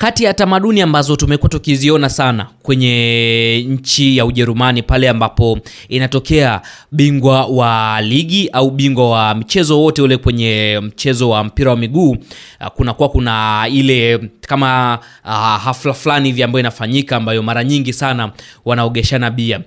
Kati ya tamaduni ambazo tumekuwa tukiziona sana kwenye nchi ya Ujerumani pale ambapo inatokea bingwa wa ligi au bingwa wa mchezo wote ule kwenye mchezo wa mpira wa miguu, ah, kunakuwa kuna ile kama uh, hafla fulani hivi ambayo inafanyika ambayo mara nyingi sana wanaogeshana bia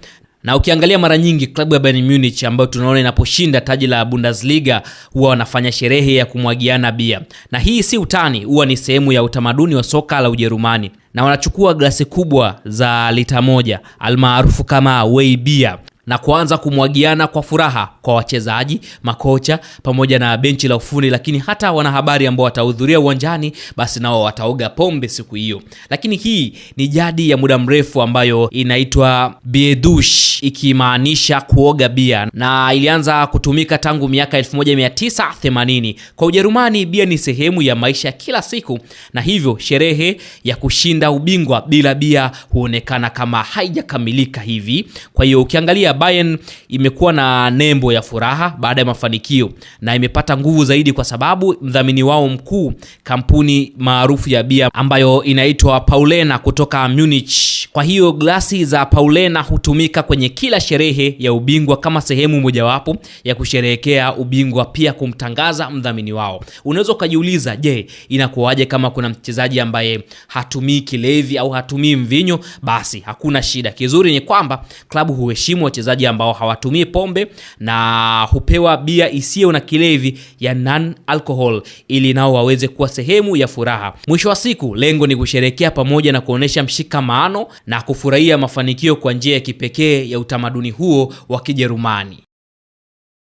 na ukiangalia mara nyingi klabu ya Bayern Munich ambayo tunaona inaposhinda taji la Bundesliga huwa wanafanya sherehe ya kumwagiana bia, na hii si utani, huwa ni sehemu ya utamaduni wa soka la Ujerumani, na wanachukua glasi kubwa za lita moja almaarufu kama weibia na kuanza kumwagiana kwa furaha kwa wachezaji, makocha pamoja na benchi la ufundi, lakini hata wanahabari ambao watahudhuria uwanjani, basi nao wataoga pombe siku hiyo. Lakini hii ni jadi ya muda mrefu ambayo inaitwa biedush, ikimaanisha kuoga bia, na ilianza kutumika tangu miaka 1980 kwa Ujerumani. Bia ni sehemu ya maisha ya kila siku, na hivyo sherehe ya kushinda ubingwa bila bia huonekana kama haijakamilika hivi. Kwa hiyo ukiangalia ya Bayern imekuwa na nembo ya furaha baada ya mafanikio na imepata nguvu zaidi kwa sababu mdhamini wao mkuu, kampuni maarufu ya bia ambayo inaitwa Paulena kutoka Munich. Kwa hiyo glasi za Paulena hutumika kwenye kila sherehe ya ubingwa kama sehemu mojawapo ya kusherehekea ubingwa, pia kumtangaza mdhamini wao. Unaweza ukajiuliza, je, inakuwaje kama kuna mchezaji ambaye hatumii kilevi au hatumii mvinyo? Basi hakuna shida, kizuri ni kwamba klabu huheshimu wachezaji wachezaji ambao hawatumii pombe na hupewa bia isiyo na kilevi ya non alcohol, ili nao waweze kuwa sehemu ya furaha. Mwisho wa siku, lengo ni kusherekea pamoja na kuonesha mshikamano na kufurahia mafanikio kwa njia ya kipekee ya utamaduni huo wa Kijerumani.